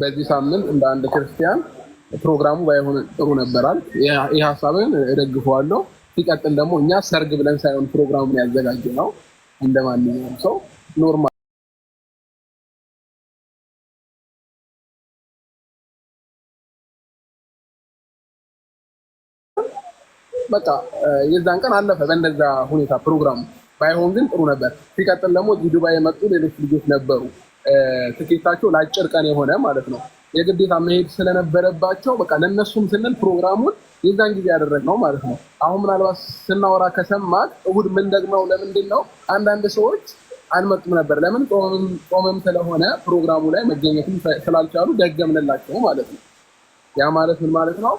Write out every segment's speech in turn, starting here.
በዚህ ሳምንት እንደ አንድ ክርስቲያን ፕሮግራሙ ባይሆን ጥሩ ነበራል። ይህ ሀሳብን እደግፈዋለሁ። ሲቀጥል ደግሞ እኛ ሰርግ ብለን ሳይሆን ፕሮግራሙን ያዘጋጀ ነው እንደ ማንኛውም ሰው ኖርማል በቃ የዛን ቀን አለፈ በእንደዛ ሁኔታ ፕሮግራሙ ባይሆን ግን ጥሩ ነበር። ሲቀጥል ደግሞ እዚህ ዱባይ የመጡ ሌሎች ልጆች ነበሩ። ትኬታቸው ለአጭር ቀን የሆነ ማለት ነው የግዴታ መሄድ ስለነበረባቸው በቃ ለእነሱም ስንል ፕሮግራሙን የዛን ጊዜ ያደረግነው ማለት ነው። አሁን ምናልባት ስናወራ ከሰማት እሁድ ምን ደግመው ለምንድን ነው አንዳንድ ሰዎች አልመጡም ነበር። ለምን ቆመም ስለሆነ ፕሮግራሙ ላይ መገኘትም ስላልቻሉ ደገምንላቸው ማለት ነው። ያ ማለት ምን ማለት ነው?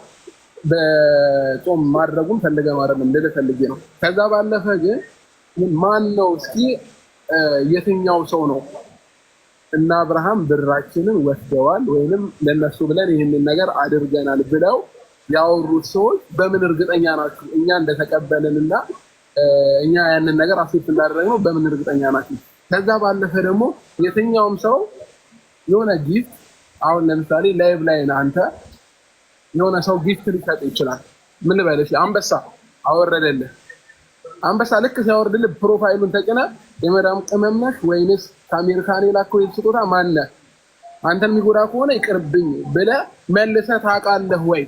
በጾም ማድረጉም ፈልገ ማድረግ እንደተፈልጌ ነው። ከዛ ባለፈ ግን ማን ነው እስኪ የትኛው ሰው ነው እና አብርሃም ብራችንን ወስደዋል ወይንም ለነሱ ብለን ይህንን ነገር አድርገናል ብለው ያወሩት ሰዎች በምን እርግጠኛ ናችሁ? እኛ እንደተቀበልን እና እኛ ያንን ነገር አሴት እንዳደረግነው በምን እርግጠኛ ናችሁ? ከዛ ባለፈ ደግሞ የትኛውም ሰው የሆነ ጊፍት አሁን ለምሳሌ ላይቭ ላይ አንተ የሆነ ሰው ጊፍት ሊሰጥ ይችላል። ምን ልበልሽ? አንበሳ አወረደልህ። አንበሳ ልክ ሲያወርድልህ ፕሮፋይሉን ተጭነህ የመዳም ቅመም ነሽ ወይንስ ከአሜሪካን የላከው ስጦታ ማነ አንተን የሚጎዳ ከሆነ ይቅርብኝ ብለ መልሰ ታውቃለህ ወይ?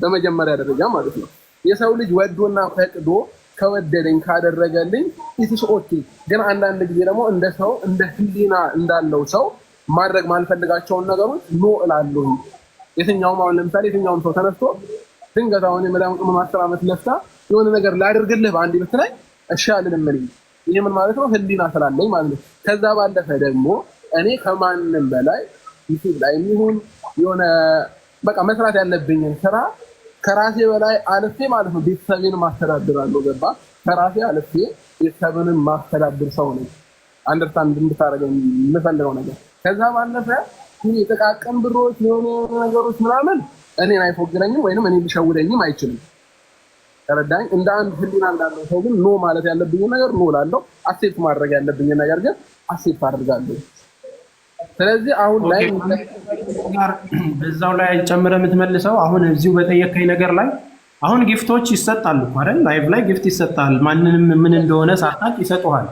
በመጀመሪያ ደረጃ ማለት ነው። የሰው ልጅ ወዶና ፈቅዶ ከወደደኝ ካደረገልኝ ኢትስ ኦኬ። ግን አንዳንድ ጊዜ ደግሞ እንደ ሰው እንደ ህሊና እንዳለው ሰው ማድረግ ማልፈልጋቸውን ነገሮች ኖ እላለሁ። የትኛውም አሁን ለምሳሌ የትኛውም ሰው ተነስቶ ድንገት አሁን የመዳም ቅመም አስር ዓመት ለፍታ የሆነ ነገር ላደርግልህ በአንድ ቤት ላይ እሺ አልልም ይህ ምን ማለት ነው? ህሊና ስላለኝ ማለት ነው። ከዛ ባለፈ ደግሞ እኔ ከማንም በላይ ዩቲዩብ ላይ የሚሆን የሆነ በቃ መስራት ያለብኝን ስራ ከራሴ በላይ አልፌ ማለት ነው ቤተሰቤን ማስተዳድራለሁ። ገባ? ከራሴ አልፌ ቤተሰብንም ማስተዳድር ሰው ነኝ። አንደርስታንድ እንድታደረገ የምፈልገው ነገር ከዛ ባለፈ የጥቃቅን ብሮች የሆኑ ነገሮች ምናምን እኔን አይፎግረኝም ወይም እኔ ሊሸውደኝም አይችልም። ተረዳኝ። እንደ አንድ ህሊና እንዳለው ሰው ግን ኖ ማለት ያለብኝ ነገር ኖ ላለው፣ አሴፕት ማድረግ ያለብኝ ነገር ግን አሴፕት አድርጋለሁ። ስለዚህ አሁን ላይ በዛው ላይ ጨምረ የምትመልሰው አሁን እዚሁ በጠየከኝ ነገር ላይ አሁን ጊፍቶች ይሰጣሉ አይደል? ላይቭ ላይ ጊፍት ይሰጣል። ማንንም ምን እንደሆነ ሳታቅ ይሰጡሃል።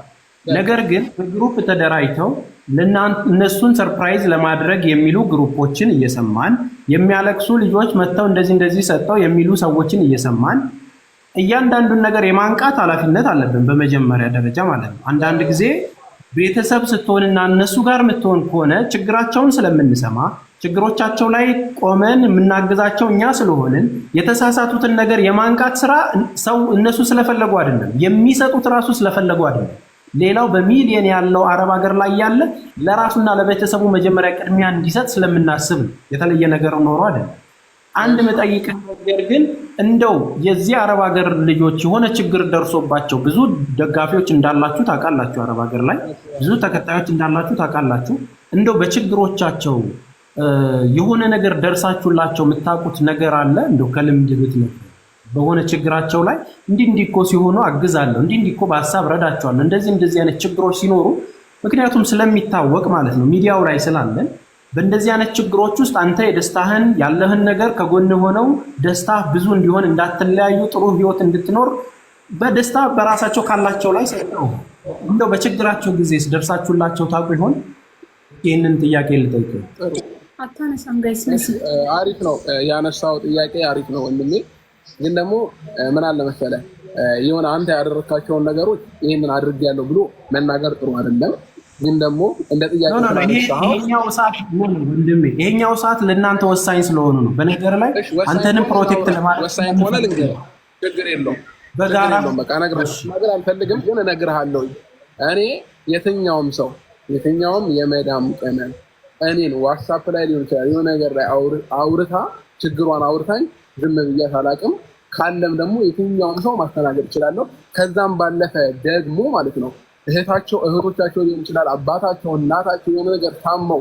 ነገር ግን በግሩፕ ተደራጅተው እነሱን ሰርፕራይዝ ለማድረግ የሚሉ ግሩፖችን እየሰማን የሚያለቅሱ ልጆች መጥተው እንደዚህ እንደዚህ ሰጠው የሚሉ ሰዎችን እየሰማን እያንዳንዱን ነገር የማንቃት ኃላፊነት አለብን፣ በመጀመሪያ ደረጃ ማለት ነው። አንዳንድ ጊዜ ቤተሰብ ስትሆንና እነሱ ጋር የምትሆን ከሆነ ችግራቸውን ስለምንሰማ ችግሮቻቸው ላይ ቆመን የምናግዛቸው እኛ ስለሆንን የተሳሳቱትን ነገር የማንቃት ስራ ሰው እነሱ ስለፈለጉ አይደለም የሚሰጡት ራሱ ስለፈለጉ አይደለም። ሌላው በሚሊየን ያለው አረብ ሀገር ላይ ያለ ለራሱና ለቤተሰቡ መጀመሪያ ቅድሚያ እንዲሰጥ ስለምናስብ ነው። የተለየ ነገር ኖሮ አይደለም። አንድ መጠይቅህ ነገር ግን እንደው የዚህ አረብ ሀገር ልጆች የሆነ ችግር ደርሶባቸው ብዙ ደጋፊዎች እንዳላችሁ ታውቃላችሁ፣ አረብ ሀገር ላይ ብዙ ተከታዮች እንዳላችሁ ታውቃላችሁ። እንደው በችግሮቻቸው የሆነ ነገር ደርሳችሁላቸው የምታውቁት ነገር አለ? እንደው ከልምድ ቤት ነው በሆነ ችግራቸው ላይ እንዲህ እንዲህ እኮ ሲሆኑ አግዛለሁ፣ እንዲህ እንዲህ እኮ በሀሳብ ረዳቸዋለሁ፣ እንደዚህ እንደዚህ አይነት ችግሮች ሲኖሩ ምክንያቱም ስለሚታወቅ ማለት ነው ሚዲያው ላይ ስላለን በእንደዚህ አይነት ችግሮች ውስጥ አንተ የደስታህን ያለህን ነገር ከጎን ሆነው ደስታ ብዙ እንዲሆን እንዳትለያዩ፣ ጥሩ ህይወት እንድትኖር በደስታ በራሳቸው ካላቸው ላይ ሰጠው እንደው በችግራቸው ጊዜ ደርሳችሁላቸው ታውቁ ይሆን? ይህንን ጥያቄ ልጠይቅ። አሪፍ ነው ያነሳው ጥያቄ አሪፍ ነው ወንድሜ። ግን ደግሞ ምን አለ መሰለህ የሆነ አንተ ያደረካቸውን ነገሮች ይህንን አድርጌያለሁ ብሎ መናገር ጥሩ አይደለም። ግን ደግሞ እንደ ጥያቄ ይሄኛው ሰዓት ለእናንተ ወሳኝ ስለሆኑ ነው። በነገር ላይ አንተንም ፕሮቴክት ለማድረግ አልፈልግም፣ ግን እነግርሃለሁ። እኔ የትኛውም ሰው የትኛውም የመዳም ቀመን እኔን ዋትሳፕ ላይ ሊሆን ይችላል የሆነ ነገር ላይ አውርታ ችግሯን አውርታኝ ዝም ብያት አላውቅም። ካለም ደግሞ የትኛውም ሰው ማስተናገድ እችላለሁ። ከዛም ባለፈ ደግሞ ማለት ነው እህታቸው እህቶቻቸው ሊሆን ይችላል አባታቸው እናታቸው የሆነ ነገር ታመው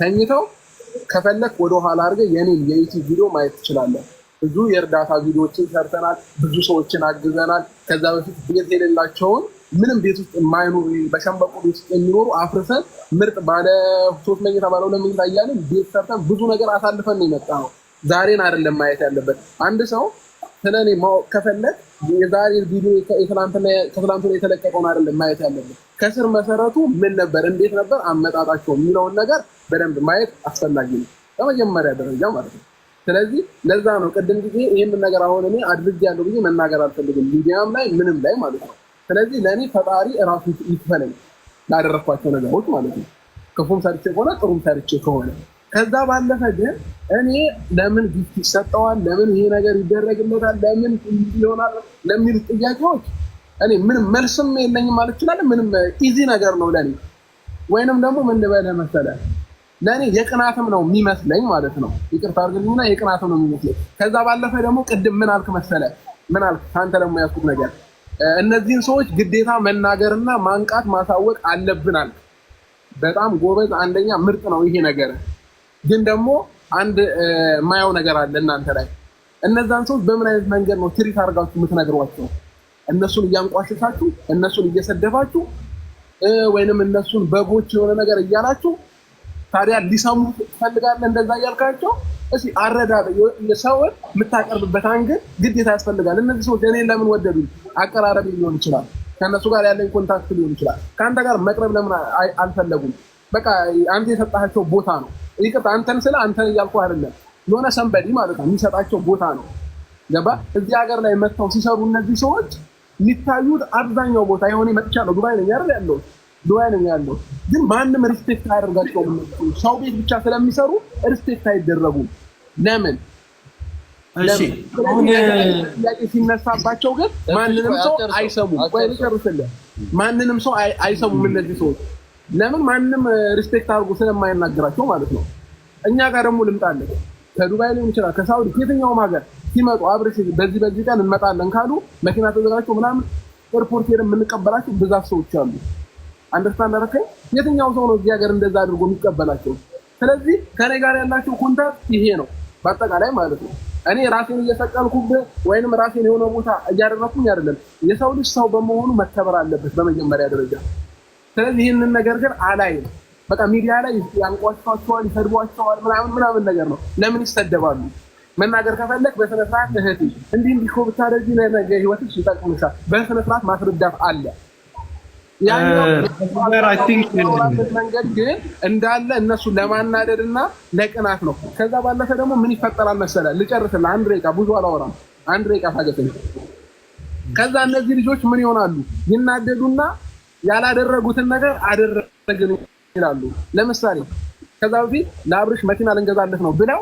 ተኝተው ከፈለክ ወደኋላ አድርገህ የኔን የዩቲዩብ ቪዲዮ ማየት ትችላለህ። ብዙ የእርዳታ ቪዲዮዎችን ሰርተናል። ብዙ ሰዎችን አግዘናል። ከዛ በፊት ቤት የሌላቸውን ምንም ቤት ውስጥ የማይኖሩ በሸንበቆ ቤት ውስጥ የሚኖሩ አፍርሰን ምርጥ ባለ ሶስት መኝታ ባለ ሁለት መኝታ እያለን ቤት ሰርተን ብዙ ነገር አሳልፈን የመጣ ነው። ዛሬን አይደለም ማየት ያለበት አንድ ሰው ስለ እኔ ማወቅ ከፈለግ የዛሬ ቪዲዮ ከትላንትና የተለቀቀውን አይደለም ማየት ያለብን። ከስር መሰረቱ ምን ነበር፣ እንዴት ነበር አመጣጣቸው የሚለውን ነገር በደንብ ማየት አስፈላጊ ነው፣ በመጀመሪያ ደረጃ ማለት ነው። ስለዚህ ለዛ ነው ቅድም ጊዜ ይህንን ነገር አሁን እኔ አድርግ ያለው ጊዜ መናገር አልፈልግም፣ ሚዲያም ላይ ምንም ላይ ማለት ነው። ስለዚህ ለእኔ ፈጣሪ እራሱ ይክፈለኝ ላደረግኳቸው ነገሮች ማለት ነው። ክፉም ሰርቼ ከሆነ ጥሩም ሰርቼ ከሆነ ከዛ ባለፈ ግን እኔ ለምን ጊፍት ይሰጠዋል፣ ለምን ይሄ ነገር ይደረግለታል፣ ለምን ይሆናል ለሚሉ ጥያቄዎች እኔ ምንም መልስም የለኝም ማለት ይችላል። ምንም ኢዚ ነገር ነው ለኔ። ወይንም ደግሞ ምን ልበልህ መሰለ ለእኔ የቅናትም ነው የሚመስለኝ ማለት ነው። ይቅርታ አድርግልኝና የቅናትም ነው የሚመስለኝ። ከዛ ባለፈ ደግሞ ቅድም ምን አልክ መሰለ ምን አልክ ከአንተ ደግሞ ያስኩት ነገር እነዚህን ሰዎች ግዴታ መናገርና ማንቃት ማሳወቅ አለብን አልክ። በጣም ጎበዝ፣ አንደኛ ምርጥ ነው ይሄ ነገር ግን ደግሞ አንድ ማየው ነገር አለ እናንተ ላይ እነዛን ሰዎች በምን አይነት መንገድ ነው ትሪት አድርጋችሁ የምትነግሯቸው? እነሱን እያንቋሸሻችሁ፣ እነሱን እየሰደፋችሁ ወይንም እነሱን በጎች የሆነ ነገር እያላችሁ ታዲያ ሊሰሙ ትፈልጋለህ? እንደዛ እያልካቸው እ አረዳ ሰውን የምታቀርብበት አንግል ግዴታ ያስፈልጋል። እነዚህ ሰዎች እኔን ለምን ወደዱኝ? አቀራረቤ ሊሆን ይችላል፣ ከእነሱ ጋር ያለኝ ኮንታክት ሊሆን ይችላል። ከአንተ ጋር መቅረብ ለምን አልፈለጉም? በቃ አንተ የሰጣቸው ቦታ ነው። ይቅርታ አንተን ስለ አንተን እያልኩ አይደለም፣ የሆነ ሰንበዲ ማለት ነው የሚሰጣቸው ቦታ ነው። ገባ እዚህ ሀገር ላይ መጥተው ሲሰሩ እነዚህ ሰዎች የሚታዩት አብዛኛው ቦታ የሆነ መጥቻለሁ። ዱባይ ነኝ አይደል ያለሁት፣ ዱባይ ነኝ ያለሁት። ግን ማንም ሪስፔክት አያደርጋቸውም። ሰው ቤት ብቻ ስለሚሰሩ ሪስፔክት አይደረጉም። ለምን ጥያቄ ሲነሳባቸው ግን ማንንም ሰው አይሰሙም። ማንንም ሰው አይሰሙም እነዚህ ሰዎች ለምን ማንም ሪስፔክት አድርጎ ስለማይናገራቸው ማለት ነው። እኛ ጋር ደግሞ ልምጣለን ከዱባይ ሊሆን ይችላል ከሳውዲ ከየትኛውም ሀገር ሲመጡ አብረሽ በዚህ በዚህ ቀን እንመጣለን ካሉ መኪና ተዘጋጅቶ ምናምን ኤርፖርት ሄደን የምንቀበላቸው ብዛት ሰዎች አሉ። አንደርስታንድ አደረከኝ? የትኛው ሰው ነው እዚህ ሀገር እንደዛ አድርጎ የሚቀበላቸው? ስለዚህ ከኔ ጋር ያላቸው ኮንታክት ይሄ ነው በአጠቃላይ ማለት ነው። እኔ ራሴን እየሰቀልኩብህ ወይንም ራሴን የሆነ ቦታ እያደረኩኝ አይደለም። የሰው ልጅ ሰው በመሆኑ መከበር አለበት በመጀመሪያ ደረጃ ስለዚህ ይህንን ነገር ግን አላይም። በቃ ሚዲያ ላይ ያንቋቸዋቸዋል፣ ይሰድቧቸዋል፣ ምናምን ምናምን ነገር ነው። ለምን ይሰደባሉ? መናገር ከፈለግ በስነስርዓት እህቴ እንዲህ እንዲህ እኮ ብታደርጊ ነገ ህይወትሽ ይጠቅምሻል፣ በስነስርዓት ማስረዳት አለ። uh, uh, መንገድ ግን እንዳለ እነሱ ለማናደድ እና ለቅናት ነው። ከዛ ባለፈ ደግሞ ምን ይፈጠራል መሰለ፣ ልጨርስልህ። አንድ ደቂቃ ብዙ አላወራም። አንድ ደቂቃ ታገሰኝ። ከዛ እነዚህ ልጆች ምን ይሆናሉ? ይናደዱና ያላደረጉትን ነገር አደረግን ይላሉ። ለምሳሌ ከዛ በፊት ለአብርሽ መኪና ልንገዛለት ነው ብለው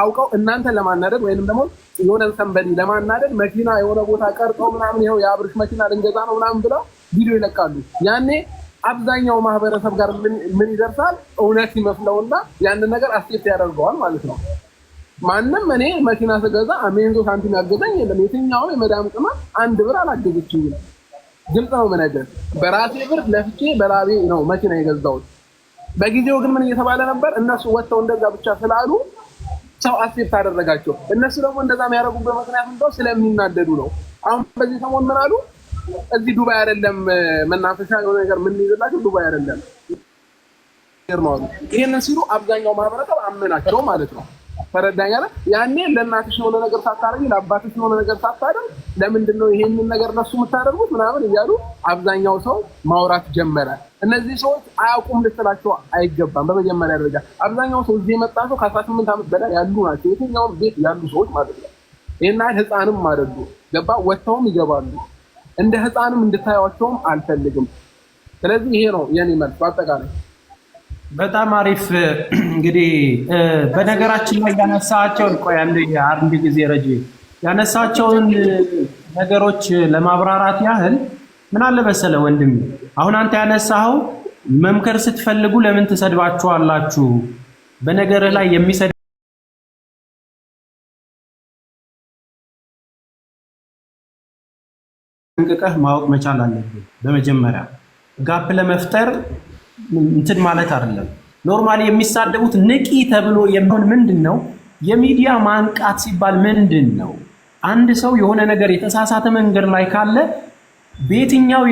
አውቀው እናንተ ለማናደድ ወይንም ደግሞ የሆነ ሰንበዲ ለማናደድ መኪና የሆነ ቦታ ቀርጠው ምናምን ይኸው የአብርሽ መኪና ልንገዛ ነው ምናምን ብለው ቪዲዮ ይለቃሉ። ያኔ አብዛኛው ማህበረሰብ ጋር ምን ይደርሳል? እውነት ይመስለውና ያንን ነገር አስቴት ያደርገዋል ማለት ነው። ማንም እኔ መኪና ስገዛ አሜንዞ ሳንቲም ያገዘኝ የለም። የትኛውም የመዳም ቅማ አንድ ብር አላገዘችኝም። ግልጽ ነው የምነግርህ። በራሴ ብር ለፍቼ በላቤ ነው መኪና የገዛሁት። በጊዜው ግን ምን እየተባለ ነበር? እነሱ ወጥተው እንደዛ ብቻ ስላሉ ሰው አክሴፕት አደረጋቸው። እነሱ ደግሞ እንደዛ የሚያደርጉበት ምክንያት እንደው ስለሚናደዱ ነው። አሁን በዚህ ሰሞን ምን አሉ? እዚህ ዱባይ አይደለም መናፈሻ የሆነ ነገር ምን ይዘላቸው ዱባይ አይደለም ይህንን ሲሉ አብዛኛው ማህበረሰብ አመናቸው ማለት ነው። ተረዳኝ አለ። ያኔ ለእናትሽ የሆነ ነገር ሳታደርጊ ለአባትሽ የሆነ ነገር ሳታደርግ ለምንድን ነው ይሄንን ነገር እነሱ የምታደርጉት ምናምን እያሉ አብዛኛው ሰው ማውራት ጀመረ። እነዚህ ሰዎች አያውቁም ልትላቸው አይገባም። በመጀመሪያ ደረጃ አብዛኛው ሰው እዚህ የመጣ ሰው ከአስራ ስምንት ዓመት በላይ ያሉ ናቸው። የትኛውም ቤት ያሉ ሰዎች ማለት ነው። ይህና ህፃንም አደሉ ገባ ወጥተውም ይገባሉ። እንደ ህፃንም እንድታያቸውም አልፈልግም። ስለዚህ ይሄ ነው የኔ መልስ በአጠቃላይ በጣም አሪፍ እንግዲህ በነገራችን ላይ ያነሳቸውን ቆይ አንድ ጊዜ ረጅ ያነሳቸውን ነገሮች ለማብራራት ያህል ምን አለ በሰለ ወንድም፣ አሁን አንተ ያነሳኸው መምከር ስትፈልጉ ለምን ትሰድባችኋላችሁ? በነገርህ ላይ የሚሰድ ጠንቅቀህ ማወቅ መቻል አለብን። በመጀመሪያ ጋፕ ለመፍጠር እንትን ማለት አይደለም። ኖርማሊ የሚሳደቡት ንቂ ተብሎ የሚሆን ምንድን ነው? የሚዲያ ማንቃት ሲባል ምንድን ነው? አንድ ሰው የሆነ ነገር የተሳሳተ መንገድ ላይ ካለ በየትኛው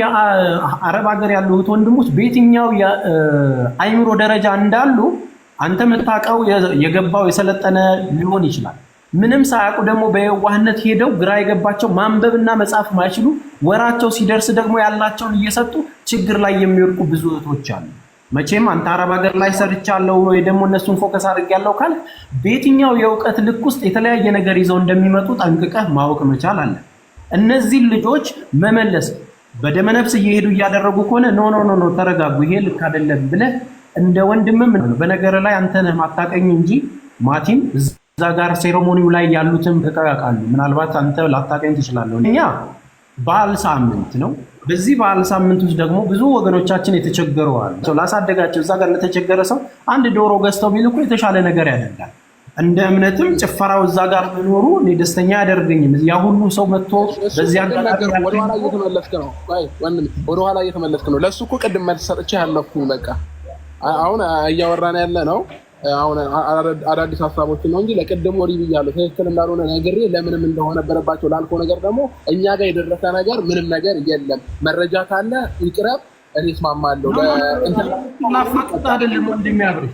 አረብ ሀገር ያሉት ወንድሞች በየትኛው የአይምሮ ደረጃ እንዳሉ አንተ የምታውቀው የገባው የሰለጠነ ሊሆን ይችላል። ምንም ሳያውቁ ደግሞ በየዋህነት ሄደው ግራ የገባቸው ማንበብና መጻፍ ማይችሉ ወራቸው ሲደርስ ደግሞ ያላቸውን እየሰጡ ችግር ላይ የሚወድቁ ብዙ እህቶች አሉ። መቼም አንተ አረብ ሀገር ላይ ሰርቻለሁ ወይ ደግሞ እነሱን ፎከስ አድርጌያለሁ ካልክ በየትኛው የእውቀት ልክ ውስጥ የተለያየ ነገር ይዘው እንደሚመጡ ጠንቅቀህ ማወቅ መቻል አለ። እነዚህን ልጆች መመለስ በደመነፍስ እየሄዱ እያደረጉ ከሆነ ኖ ኖ ኖ ተረጋጉ፣ ይሄ ልክ አይደለም ብለህ እንደ ወንድምም በነገር ላይ አንተ ነህ ማታቀኝ እንጂ ማቲም እዛ ጋር ሴሬሞኒው ላይ ያሉትም ተጠቃቃሉ። ምናልባት አንተ ላታቀኝ ትችላለህ። እኛ በዓል ሳምንት ነው። በዚህ በዓል ሳምንት ውስጥ ደግሞ ብዙ ወገኖቻችን የተቸገረዋል ሰው ላሳደጋቸው እዛ ጋር ለተቸገረ ሰው አንድ ዶሮ ገዝተው ቢልኩ የተሻለ ነገር ያደርጋል። እንደ እምነትም ጭፈራው እዛ ጋር መኖሩ እኔ ደስተኛ ያደርገኝም። ያ ሁሉ ሰው መጥቶ በዚህ አጋጣሚ ወደኋላ እየተመለስክ ነው። ወደኋላ እየተመለስክ ነው። ለእሱ እኮ ቅድም መልስ ሰጥቼ ያለፍኩ በቃ አሁን እያወራን ያለ ነው አሁን አዳዲስ ሀሳቦችን ነው እንጂ ለቅድሞ ሪ ብያለሁ ትክክል እንዳልሆነ ነግሬ ለምንም እንደሆነ በረባቸው ላልከው ነገር ደግሞ እኛ ጋር የደረሰ ነገር ምንም ነገር የለም። መረጃ ካለ ይቅረብ፣ እኔ እስማማለሁ። ናፍቅት አደለም እንደሚያብሪ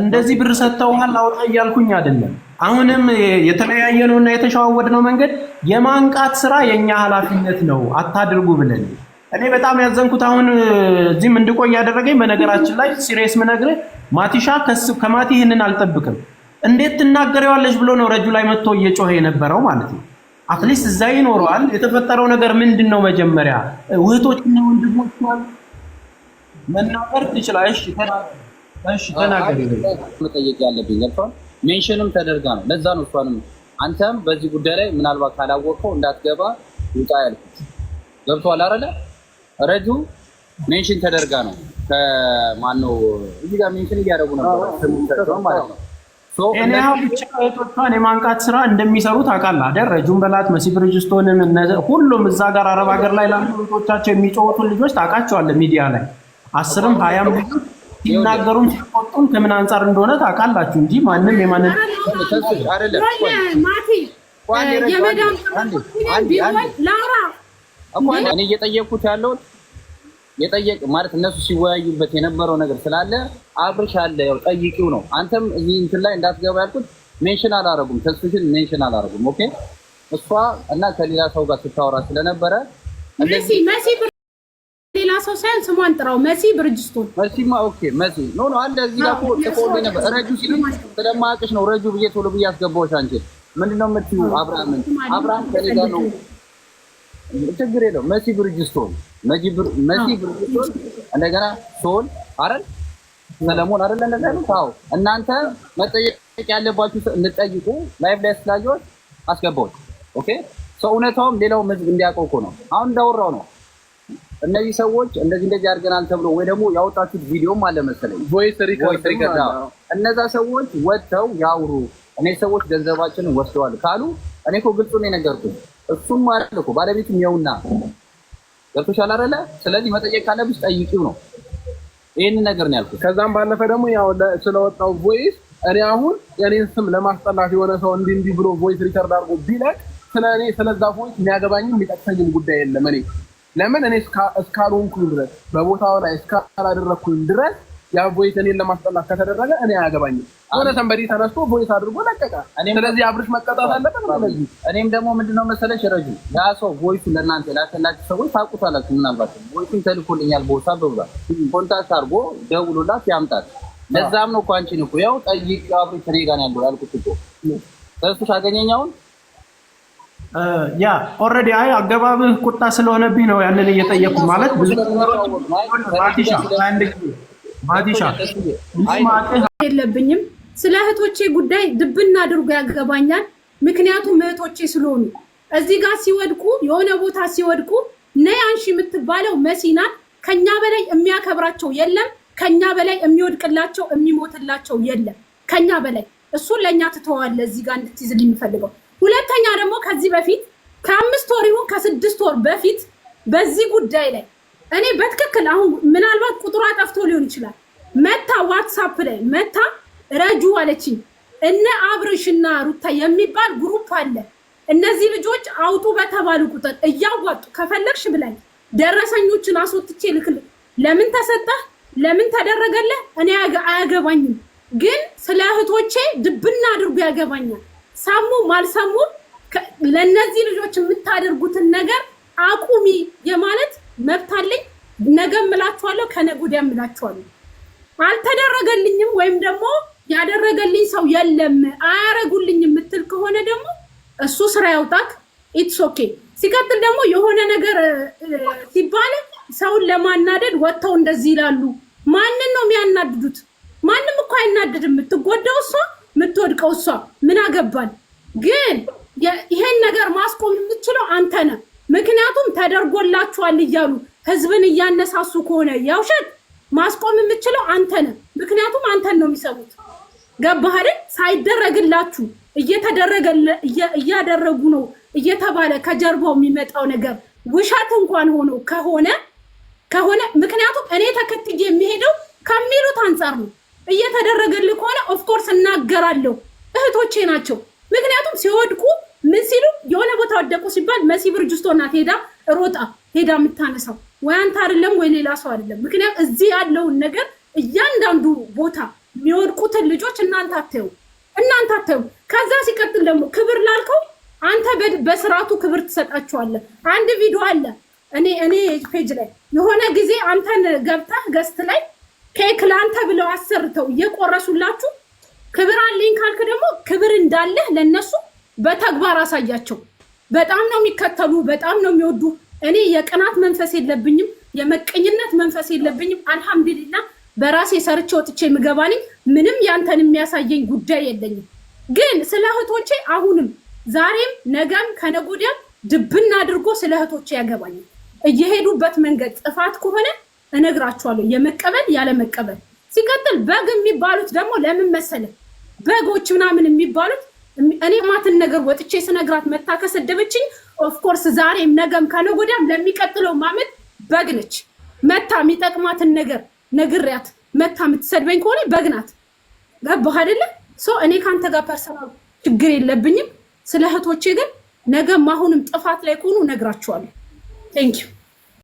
እንደዚህ ብር ሰጥተውሃል አውጣ እያልኩኝ አደለም። አሁንም የተለያየ ነው እና ነው መንገድ የማንቃት ስራ የእኛ ኃላፊነት ነው አታድርጉ ብለን እኔ በጣም ያዘንኩት አሁን እዚህም እንድቆይ ያደረገኝ በነገራችን ላይ ሲሬስ ምነግርህ ማቲሻ ከማቲ ይህንን አልጠብቅም እንዴት ትናገሪዋለች ብሎ ነው ረጁ ላይ መጥቶ እየጮኸ የነበረው ማለት ነው። አትሊስት እዛ ይኖረዋል። የተፈጠረው ነገር ምንድን ነው? መጀመሪያ ውህቶችና ወንድሞች መናገር ትችላለሽ። እሺ ተናገሪ። መጠየቅ ያለብኝ ገብቷል። ሜንሽንም ተደርጋ ነው። ለዛ ነው እሷንም አንተም በዚህ ጉዳይ ላይ ምናልባት ካላወቀው እንዳትገባ ይውጣ ያልኩት ገብቷል አይደለ ረጁ ሜንሽን ተደርጋ ነው ከማነው እዚህ ጋር ሜንሽን እያደረጉ ነበር ማለት ነው። የማንቃት ስራ እንደሚሰሩ ታውቃለህ አይደል? በላት መሲ ብርጅስቶንም ሁሉም እዛ ጋር አረብ ሀገር ላይ ላሉ እህቶቻቸው የሚጫወቱን ልጆች ታውቃቸዋለህ። ሚዲያ ላይ አስርም ሀያም ሲናገሩም ሲቆጡም ከምን አንጻር እንደሆነ ታውቃላችሁ እንጂ ማንም የማንን እኔ እየጠየቅኩት ያለውን የጠየቅ ማለት እነሱ ሲወያዩበት የነበረው ነገር ስላለ አብርሽ አለ ያው ጠይቂው ነው። አንተም እዚህ እንትን ላይ እንዳትገባ ያልኩት ሜንሽን አላረጉም፣ ተስፍሽን ሜንሽን አላረጉም። ኦኬ እሷ እና ከሌላ ሰው ጋር ስታወራ ስለነበረ መሲ ሌላ ሰው ሳይሆን ስሟን ጥራው መሲ ብርጅስቶን መሲማ ኦኬ መሲ ኖ ኖ አለ እዚህ ጋር እኮ ነበር ረጁ ሲል ስለማያውቅሽ ነው ረጁ ብዬ ቶሎ ብዬ አስገባዎች አንቺ ምንድነው የምትይው አብርሃምን አብርሃም ከኔ ነው ችግር የለውም። መሲ ብርጅስቶን መሲ ብርጅስቶን እንደገና ሶል አረን ሰለሞን አረን እንደዛ ነው። እናንተ መጠየቅ ያለባችሁ እንጠይቁ። ላይቭ ላይ ስላጆች አስገባዎች። ኦኬ ሰው እውነታውም ሌላው ህዝብ እንዲያውቀው እኮ ነው። አሁን እንዳወራው ነው። እነዚህ ሰዎች እንደዚህ እንደዚህ አድርገናል ተብሎ ወይ ደግሞ ያወጣችሁት ቪዲዮም አለ መሰለኝ፣ ቮይስ ሪከርድ። እነዛ ሰዎች ወጥተው ያውሩ። እኔ ሰዎች ገንዘባችንን ወስደዋል ካሉ እኔ እኮ ግልጹ ነው የነገርኩኝ እሱም ማለት እኮ ባለቤት የሚያውና ገብቶሻል አይደለ? ስለዚህ መጠየቅ ካለብሽ ጠይቂው ነው። ይህን ነገር ነው ያልኩት። ከዛም ባለፈ ደግሞ ያው ስለወጣው ቮይስ እኔ አሁን የኔን ስም ለማስጠላት የሆነ ሰው እንዲህ እንዲህ ብሎ ቮይስ ሪከርድ አድርጎ ቢለቅ ስለ እኔ ስለዛ ቮይስ የሚያገባኝም የሚጠቅሰኝም ጉዳይ የለም። እኔ ለምን እኔ እስካልሆንኩኝ ድረስ በቦታው ላይ እስካላደረግኩኝ ድረስ ያ ቮይስ እኔን ለማስጠላት ከተደረገ እኔ አያገባኝም። ሆነ ሰንበዲ ተነስቶ ቮይስ አድርጎ ለቀቀ። ስለዚህ አብርሽ መቀጣት አለበት። ስለዚህ እኔም ደግሞ ምንድነው መሰለሽ ረጁ ያ ሰው ቮይሱ ለእናንተ ላከላችሁ ሰዎች ታውቁታላችሁ። ምናልባት ቮይሱን ተልኮልኛል ቦታ በብሏል። ኮንታክት አድርጎ ደውሎላት ያምጣት። ለዛም ነው እኮ አንቺን እኮ ያው ጠይቅ አብርሽ እኔ ጋር ያለው ያልኩት እኮ እሱሽ አገኘኛውን ያ ኦልሬዲ አይ አገባብህ ቁጣ ስለሆነብኝ ነው ያንን እየጠየኩ ማለት ብዙ ነገሮች የለብኝም። ስለ እህቶቼ ጉዳይ ድብና አድርጎ ያገባኛል። ምክንያቱም እህቶቼ ስለሆኑ እዚህ ጋር ሲወድቁ የሆነ ቦታ ሲወድቁ ነይ አንሺ የምትባለው መሲና ከኛ በላይ የሚያከብራቸው የለም። ከኛ በላይ የሚወድቅላቸው የሚሞትላቸው የለም። ከኛ በላይ እሱን ለእኛ ትተዋለ። እዚህ ጋር እንድትይዝል የሚፈልገው ሁለተኛ ደግሞ ከዚህ በፊት ከአምስት ወር ይሁን ከስድስት ወር በፊት በዚህ ጉዳይ ላይ እኔ በትክክል አሁን ምን ይችላል። መታ ዋትሳፕ ላይ መታ ረጁ አለችኝ። እነ አብርሽና ሩታ የሚባል ግሩፕ አለ። እነዚህ ልጆች አውጡ በተባሉ ቁጥር እያዋጡ ከፈለግሽ ብላኝ ደረሰኞችን አስወጥቼ ልክል። ለምን ተሰጠህ ለምን ተደረገለህ እኔ አያገባኝም፣ ግን ስለ እህቶቼ ድብና አድርጉ ያገባኛል። ሰሙም ማልሰሙ ለእነዚህ ልጆች የምታደርጉትን ነገር አቁሚ የማለት መብት አለኝ። ነገ እምላችኋለሁ፣ ከነገ ወዲያ አልተደረገልኝም ወይም ደግሞ ያደረገልኝ ሰው የለም አያረጉልኝ የምትል ከሆነ ደግሞ እሱ ስራ ያውጣት ኢትስ ኦኬ። ሲቀጥል ደግሞ የሆነ ነገር ሲባል ሰውን ለማናደድ ወጥተው እንደዚህ ይላሉ። ማንን ነው የሚያናድዱት? ማንም እኮ አይናደድም። የምትጎዳው እሷ፣ የምትወድቀው እሷ። ምን አገባል? ግን ይሄን ነገር ማስቆም የምትችለው አንተ ነህ። ምክንያቱም ተደርጎላችኋል እያሉ ህዝብን እያነሳሱ ከሆነ የውሸት ማስቆም የምችለው አንተን፣ ምክንያቱም አንተን ነው የሚሰሩት። ገባህ ሳይደረግላችሁ እያደረጉ ነው እየተባለ ከጀርባው የሚመጣው ነገር ውሸት እንኳን ሆኖ ከሆነ ከሆነ ምክንያቱም እኔ ተከትዬ የሚሄደው ከሚሉት አንጻር ነው። እየተደረገልህ ከሆነ ኦፍኮርስ እናገራለሁ፣ እህቶቼ ናቸው። ምክንያቱም ሲወድቁ ምን ሲሉ የሆነ ቦታ ወደቁ ሲባል መሲ ብርጅስቶና ሄዳ ሮጣ ሄዳ የምታነሳው ወይ አንተ አይደለም ወይ ሌላ ሰው አይደለም። ምክንያቱም እዚህ ያለውን ነገር እያንዳንዱ ቦታ የሚወድቁትን ልጆች እናንተ አታዩ እናንተ አታዩ። ከዛ ሲቀጥል ደግሞ ክብር ላልከው አንተ በስርዓቱ ክብር ትሰጣችኋለህ። አንድ ቪዲዮ አለ እኔ እኔ ፔጅ ላይ የሆነ ጊዜ አንተን ገብተህ ገስት ላይ ኬክ ለአንተ ብለው አሰርተው እየቆረሱላችሁ ክብር አለኝ ካልክ ደግሞ ክብር እንዳለህ ለነሱ በተግባር አሳያቸው። በጣም ነው የሚከተሉ፣ በጣም ነው የሚወዱ እኔ የቅናት መንፈስ የለብኝም፣ የመቀኝነት መንፈስ የለብኝም። አልሐምዱሊላ በራሴ ሰርቼ ወጥቼ ምገባ ነኝ። ምንም ያንተን የሚያሳየኝ ጉዳይ የለኝም። ግን ስለ እህቶቼ አሁንም ዛሬም ነገም ከነገ ወዲያም ድብን አድርጎ ስለ እህቶቼ ያገባኝ እየሄዱበት መንገድ ጥፋት ከሆነ እነግራችኋለሁ፣ የመቀበል ያለመቀበል። ሲቀጥል በግ የሚባሉት ደግሞ ለምን መሰለ በጎች ምናምን የሚባሉት እኔ ማትን ነገር ወጥቼ ስነግራት መታ ከሰደበችኝ ኦፍኮርስ ዛሬም ነገም ከነጎዳም ለሚቀጥለው ማመት በግ ነች። መታ የሚጠቅማትን ነገር ነግሪያት። መታ የምትሰድበኝ ከሆነ በግ ናት። ገባህ አይደለም? እኔ ከአንተ ጋር ፐርሰናል ችግር የለብኝም። ስለ እህቶቼ ግን ነገም አሁንም ጥፋት ላይ ከሆኑ ነግራችኋለሁ። ቴንኪው